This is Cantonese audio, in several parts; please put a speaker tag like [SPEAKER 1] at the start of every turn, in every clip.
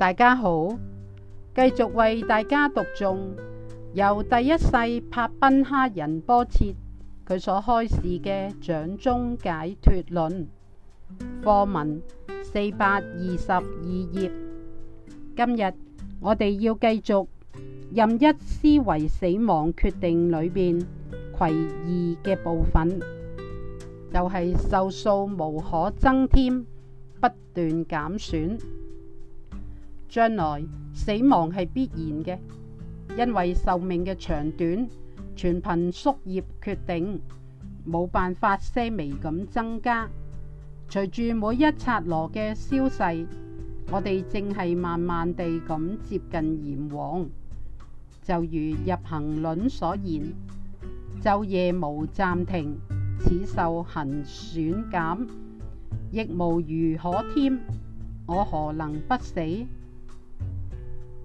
[SPEAKER 1] 大家好，繼續為大家讀誦由第一世帕賓哈仁波切佢所開示嘅《掌中解脫論》課文四百二十二頁。今日我哋要繼續任一思維死亡決定裏邊攋二嘅部分，又、就、係、是、受數無可增添，不斷減損。將來死亡係必然嘅，因為壽命嘅長短全憑宿業決定，冇辦法些微咁增加。隨住每一剎羅嘅消逝，我哋正係慢慢地咁接近閻王。就如入行論所言，晝夜無暫停，此壽行損減，亦無如可添。我何能不死？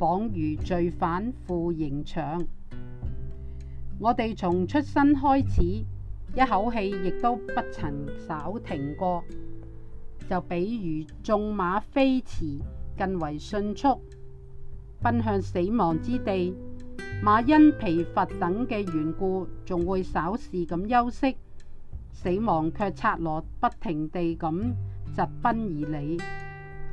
[SPEAKER 1] 仿如罪犯赴刑場，我哋從出生開始，一口氣亦都不曾稍停過。就比如縱馬飛馳，更為迅速奔向死亡之地，馬因疲乏等嘅緣故，仲會稍事咁休息，死亡卻策羅不停地咁疾奔而嚟，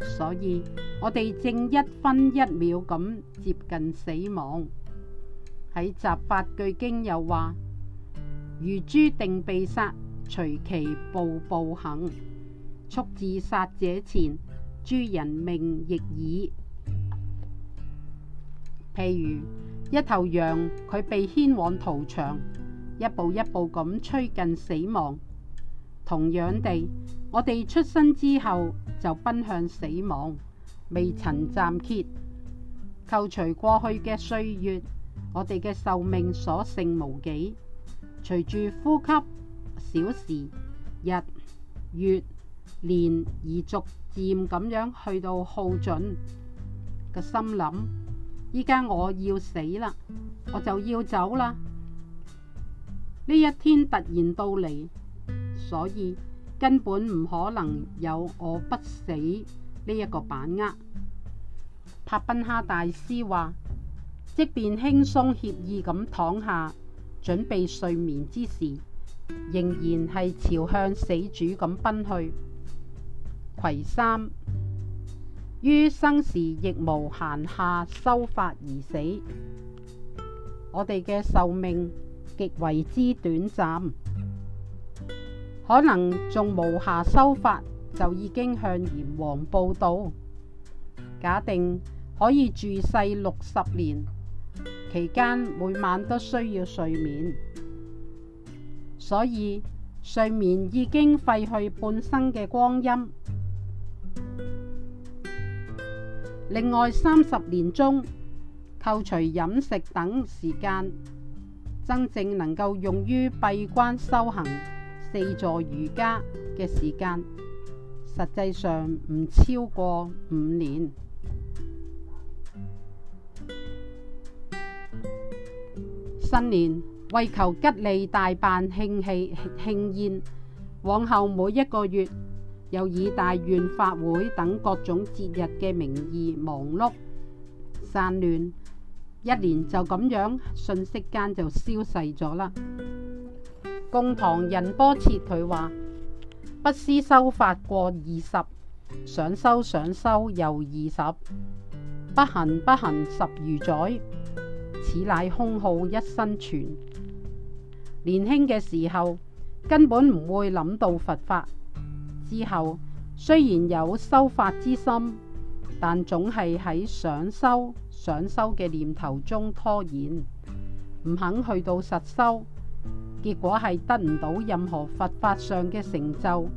[SPEAKER 1] 所以。我哋正一分一秒咁接近死亡。喺《集法句經》又話：「如諸定被殺，隨其步步行，速至殺者前，諸人命亦爾。」譬如一頭羊，佢被牽往屠場，一步一步咁趨近死亡。同樣地，我哋出生之後就奔向死亡。未曾暫歇，扣除過去嘅歲月，我哋嘅壽命所剩無幾。隨住呼吸，小時、日、月、年而逐漸咁樣去到耗盡，個心諗，依家我要死啦，我就要走啦，呢一天突然到嚟，所以根本唔可能有我不死。呢一個把握，帕賓哈大師話：即便輕鬆愜意咁躺下準備睡眠之時，仍然係朝向死主咁奔去。葵三於生時亦無暇修法而死，我哋嘅壽命極為之短暫，可能仲無暇修法。就已經向閻王報道假定可以住世六十年，期間每晚都需要睡眠，所以睡眠已經廢去半生嘅光陰。另外三十年中，扣除飲食等時間，真正能夠用於閉關修行四座瑜伽嘅時間。實際上唔超過五年。新年為求吉利，大辦慶戲慶宴，往後每一個月又以大願法會等各種節日嘅名義忙碌散亂，一年就咁樣，瞬息間就消逝咗啦。共堂仁波切佢話不思修法過二十，想修想修又二十，不行不行十餘載，此乃空耗一生全。年輕嘅時候根本唔會諗到佛法，之後雖然有修法之心，但總係喺想修想修嘅念頭中拖延，唔肯去到實修。結果係得唔到任何佛法上嘅成就，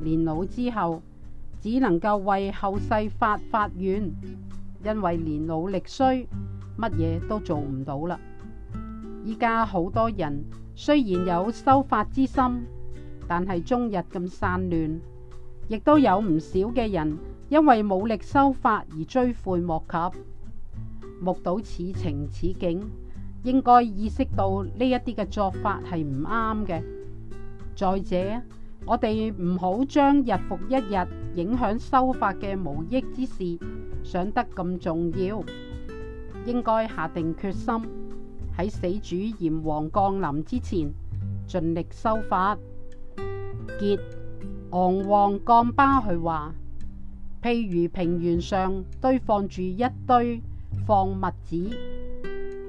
[SPEAKER 1] 年老之後只能夠為後世發發願，因為年老力衰，乜嘢都做唔到啦。依家好多人雖然有修法之心，但係終日咁散亂，亦都有唔少嘅人因為冇力修法而追悔莫及。目睹此情此景。應該意識到呢一啲嘅做法係唔啱嘅。再者，我哋唔好將日復一日影響修法嘅無益之事想得咁重要。應該下定決心喺死主炎黃降臨之前盡力修法。結昂黃降巴佢話：譬如平原上堆放住一堆放物子。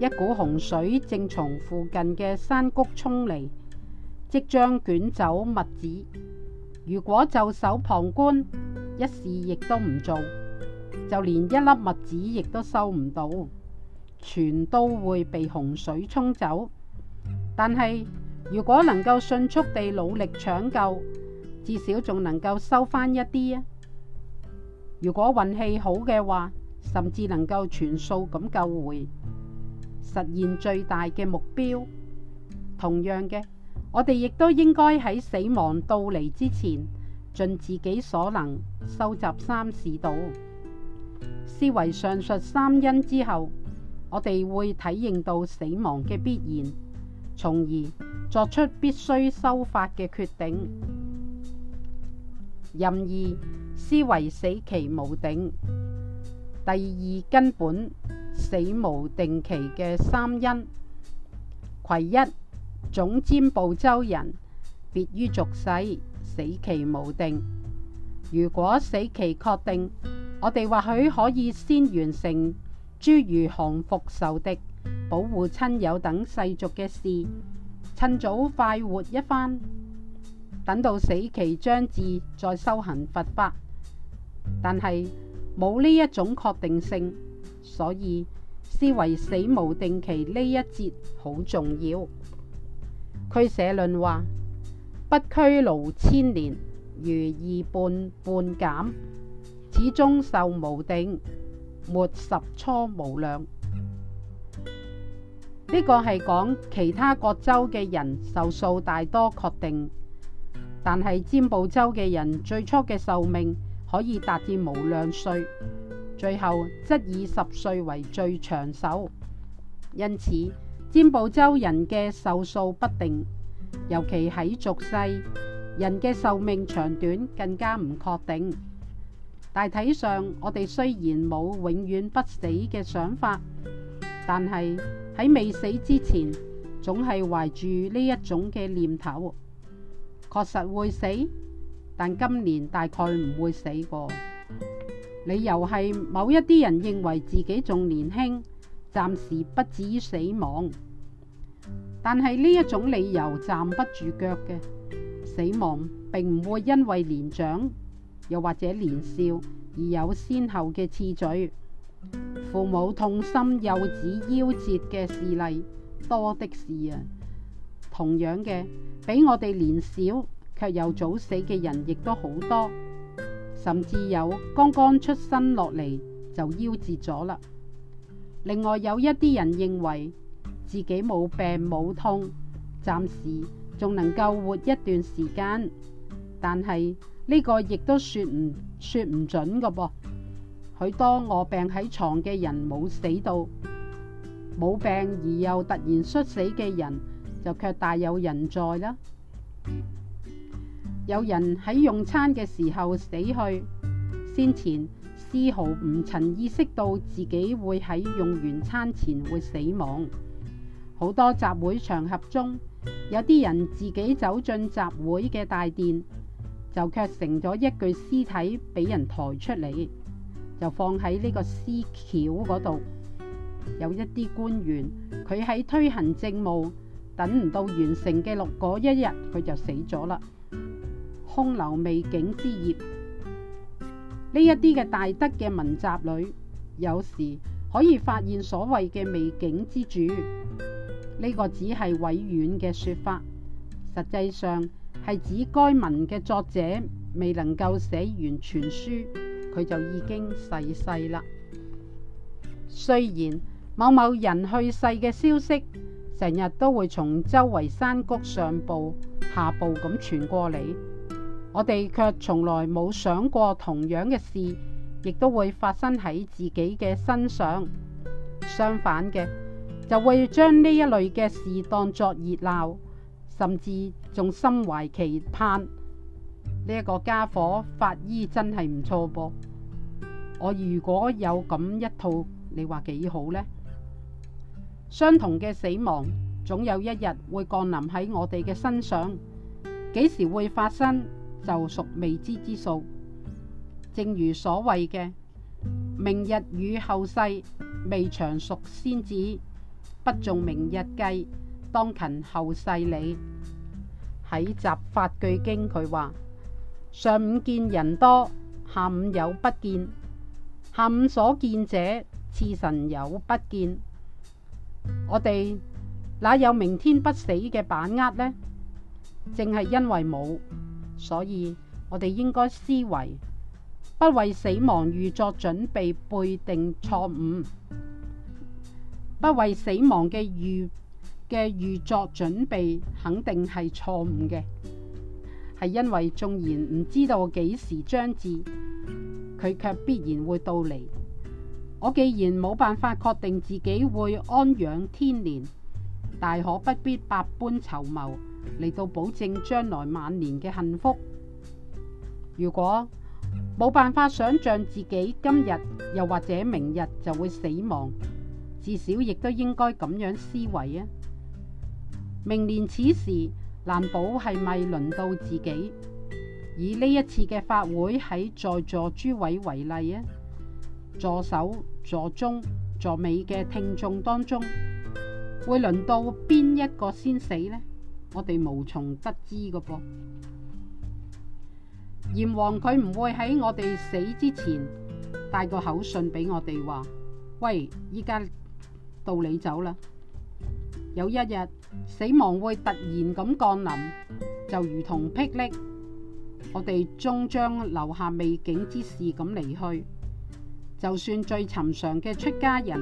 [SPEAKER 1] 一股洪水正從附近嘅山谷衝嚟，即將捲走麥子。如果袖手旁觀，一事亦都唔做，就連一粒麥子亦都收唔到，全都會被洪水沖走。但係如果能夠迅速地努力搶救，至少仲能夠收翻一啲啊！如果運氣好嘅話，甚至能夠全數咁救回。實現最大嘅目標。同樣嘅，我哋亦都應該喺死亡到嚟之前，盡自己所能收集三事道。思維上述三因之後，我哋會體認到死亡嘅必然，從而作出必須修法嘅決定。任意思維死期無定，第二根本。死無定期嘅三因，其一總贍部洲人別於俗世，死期無定。如果死期確定，我哋或許可以先完成諸如降服仇敵、保護親友等世俗嘅事，趁早快活一番。等到死期將至，再修行佛法。但係冇呢一種確定性，所以。思維死無定期呢一節好重要，佢社論話：不拘盧千年，如二半半減，始終壽無定，末十初無量。呢個係講其他各洲嘅人壽數大多確定，但係瞻部洲嘅人最初嘅壽命可以達至無量歲。最後則以十歲為最長壽，因此瞻部洲人嘅壽數不定，尤其喺俗世，人嘅壽命長短更加唔確定。大體上，我哋雖然冇永遠不死嘅想法，但係喺未死之前，總係懷住呢一種嘅念頭：，確實會死，但今年大概唔會死過。理由係某一啲人認為自己仲年輕，暫時不至於死亡，但係呢一種理由站不住腳嘅。死亡並唔會因為年長又或者年少而有先後嘅次序。父母痛心幼子夭折嘅事例多的是啊。同樣嘅，比我哋年少卻又早死嘅人亦都好多。甚至有剛剛出生落嚟就夭折咗啦。另外有一啲人認為自己冇病冇痛，暫時仲能夠活一段時間，但係呢個亦都說唔說唔準噶噃。許多臥病喺床嘅人冇死到冇病，而又突然猝死嘅人，就卻大有人在啦。有人喺用餐嘅時候死去，先前絲毫唔曾意識到自己會喺用完餐前會死亡。好多集會場合中，有啲人自己走進集會嘅大殿，就卻成咗一具屍體俾人抬出嚟，就放喺呢個屍橋嗰度。有一啲官員，佢喺推行政務，等唔到完成記錄嗰一日，佢就死咗啦。空留未竟之業。呢一啲嘅大德嘅文集裏，有時可以發現所謂嘅未竟之主呢、這個只係委婉嘅說法，實際上係指該文嘅作者未能夠寫完全書，佢就已經逝世啦。雖然某某人去世嘅消息成日都會從周圍山谷上步下步咁傳過嚟。我哋卻從來冇想過同樣嘅事，亦都會發生喺自己嘅身上。相反嘅，就會將呢一類嘅事當作熱鬧，甚至仲心懷期盼。呢一個家伙法醫真係唔錯噃，我如果有咁一套，你話幾好呢？相同嘅死亡，總有一日會降臨喺我哋嘅身上。幾時會發生？就屬未知之數，正如所謂嘅明日與後世，未長熟先至不種明日計，當勤後世理。喺《集法句經》，佢話上午見人多，下午有不見；下午所見者次晨有不見。我哋哪有明天不死嘅把握呢？淨係因為冇。所以我哋應該思維，不為死亡預作準備背定錯誤，不為死亡嘅預嘅預作準備肯定係錯誤嘅，係因為縱然唔知道幾時將至，佢卻必然會到嚟。我既然冇辦法確定自己會安養天年，大可不必百般籌謀。嚟到保證將來晚年嘅幸福。如果冇辦法想象自己今日又或者明日就會死亡，至少亦都應該咁樣思維啊。明年此時難保係咪輪到自己？以呢一次嘅法會喺在在座諸位為例啊，座首、座中、座尾嘅聽眾當中，會輪到邊一個先死呢？我哋無從得知個噃。閻王佢唔會喺我哋死之前帶個口信俾我哋話：喂，依家到你走啦！有一日死亡會突然咁降臨，就如同霹靂，我哋終將留下未竟之事咁離去。就算最尋常嘅出家人，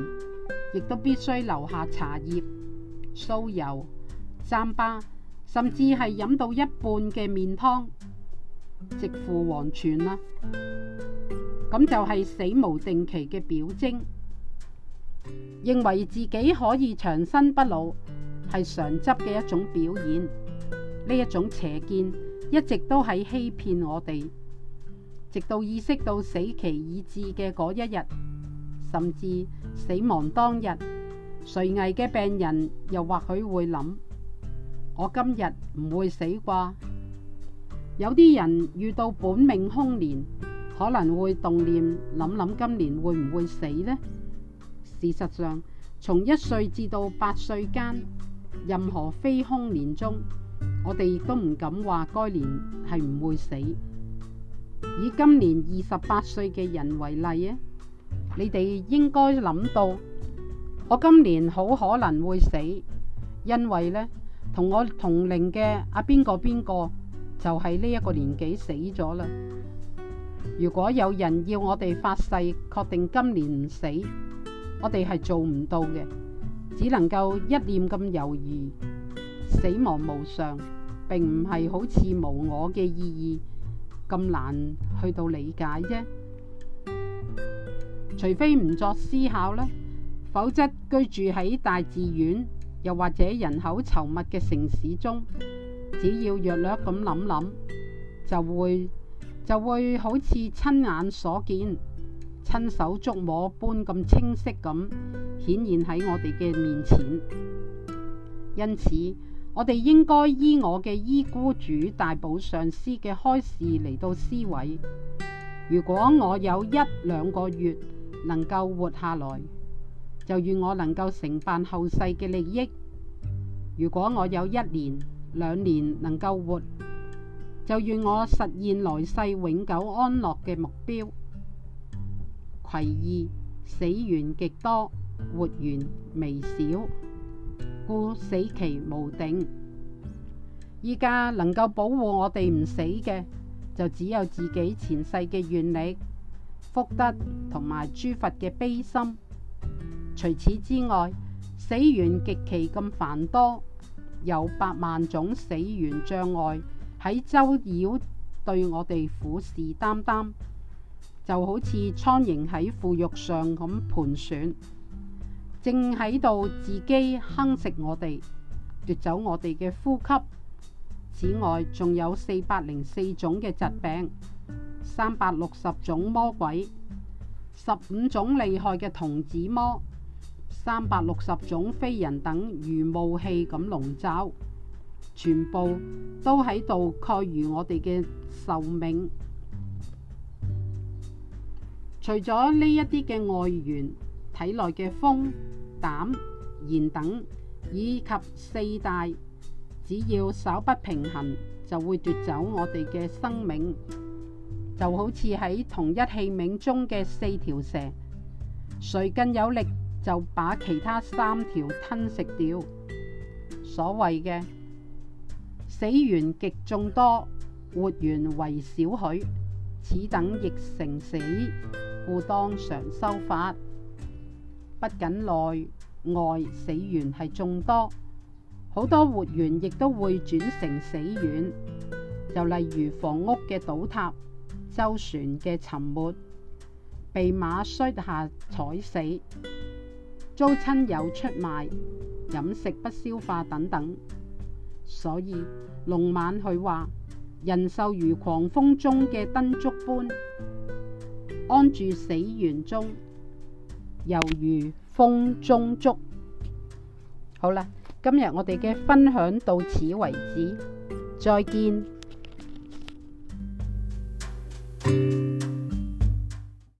[SPEAKER 1] 亦都必須留下茶葉、酥油、糌粑。甚至係飲到一半嘅麵湯，直赴黃泉啦。咁就係死無定期嘅表徵。認為自己可以長生不老，係常執嘅一種表演。呢一種邪見一直都喺欺騙我哋。直到意識到死期已至嘅嗰一日，甚至死亡當日，垂危嘅病人又或許會諗。我今日唔會死啩？有啲人遇到本命空年，可能會動念諗諗今年會唔會死呢？事實上，從一歲至到八歲間，任何非空年中，我哋亦都唔敢話該年係唔會死。以今年二十八歲嘅人為例啊，你哋應該諗到我今年好可能會死，因為呢。同我同齡嘅阿邊個邊個就係呢一個年紀死咗啦。如果有人要我哋發誓確定今年唔死，我哋係做唔到嘅，只能夠一念咁猶豫。死亡無常並唔係好似無我嘅意義咁難去到理解啫。除非唔作思考呢，否則居住喺大自然。又或者人口稠密嘅城市中，只要略略咁諗諗，就會就會好似親眼所見、親手觸摸般咁清晰咁顯現喺我哋嘅面前。因此，我哋應該依我嘅依怙主大寶上師嘅開示嚟到思維。如果我有一兩個月能夠活下來。就願我能夠承辦後世嘅利益。如果我有一年、兩年能夠活，就願我實現來世永久安樂嘅目標。愧意死緣極多，活緣微少，故死期無定。依家能夠保護我哋唔死嘅，就只有自己前世嘅願力、福德同埋諸佛嘅悲心。除此之外，死緣極其咁繁多，有八萬種死緣障礙喺周繞對我哋虎視眈眈，就好似蒼蠅喺腐肉上咁盤旋，正喺度自己啃食我哋，奪走我哋嘅呼吸。此外，仲有四百零四種嘅疾病，三百六十種魔鬼，十五種厲害嘅童子魔。三百六十種非人等如霧氣咁籠罩，全部都喺度蓋住我哋嘅壽命。除咗呢一啲嘅外源體內嘅風膽涎等，以及四大，只要稍不平衡，就會奪走我哋嘅生命。就好似喺同一器皿中嘅四條蛇，誰更有力？就把其他三條吞食掉，所謂嘅死緣極眾多，活緣為少許，此等亦成死，故當常修法。不僅內外死緣係眾多，好多活緣亦都會轉成死緣，就例如房屋嘅倒塌、舟船嘅沉沒、被馬摔下踩死。遭親友出賣，飲食不消化等等，所以龍晚佢話：人壽如狂風中嘅燈燭般，安住死緣中，猶如風中燭。好啦，今日我哋嘅分享到此為止，再見。